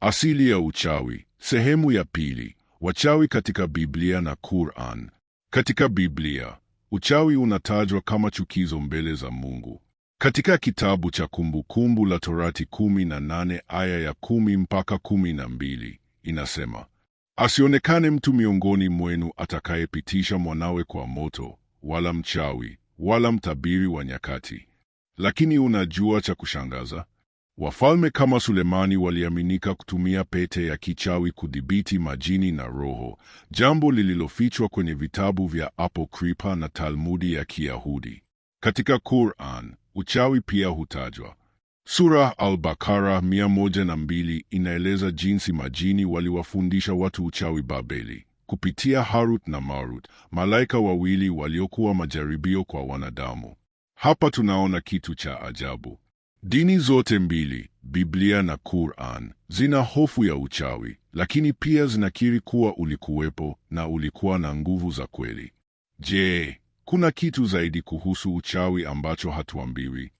Asili ya uchawi, sehemu ya pili. Wachawi katika Biblia na Quran. Katika Biblia, uchawi unatajwa kama chukizo mbele za Mungu. Katika kitabu cha Kumbukumbu la Torati 18 aya ya 10 mpaka 12 inasema, asionekane mtu miongoni mwenu atakayepitisha mwanawe kwa moto, wala mchawi, wala mtabiri wa nyakati. Lakini unajua cha kushangaza? Wafalme kama Sulemani waliaminika kutumia pete ya kichawi kudhibiti majini na roho, jambo lililofichwa kwenye vitabu vya apokripa na Talmudi ya Kiyahudi. Katika Qur'an, uchawi pia hutajwa. Sura Al-Bakara 102 inaeleza jinsi majini waliwafundisha watu uchawi Babeli kupitia Harut na Marut, malaika wawili waliokuwa majaribio kwa wanadamu. Hapa tunaona kitu cha ajabu. Dini zote mbili, Biblia na Qur'an, zina hofu ya uchawi, lakini pia zinakiri kuwa ulikuwepo na ulikuwa na nguvu za kweli. Je, kuna kitu zaidi kuhusu uchawi ambacho hatuambiwi?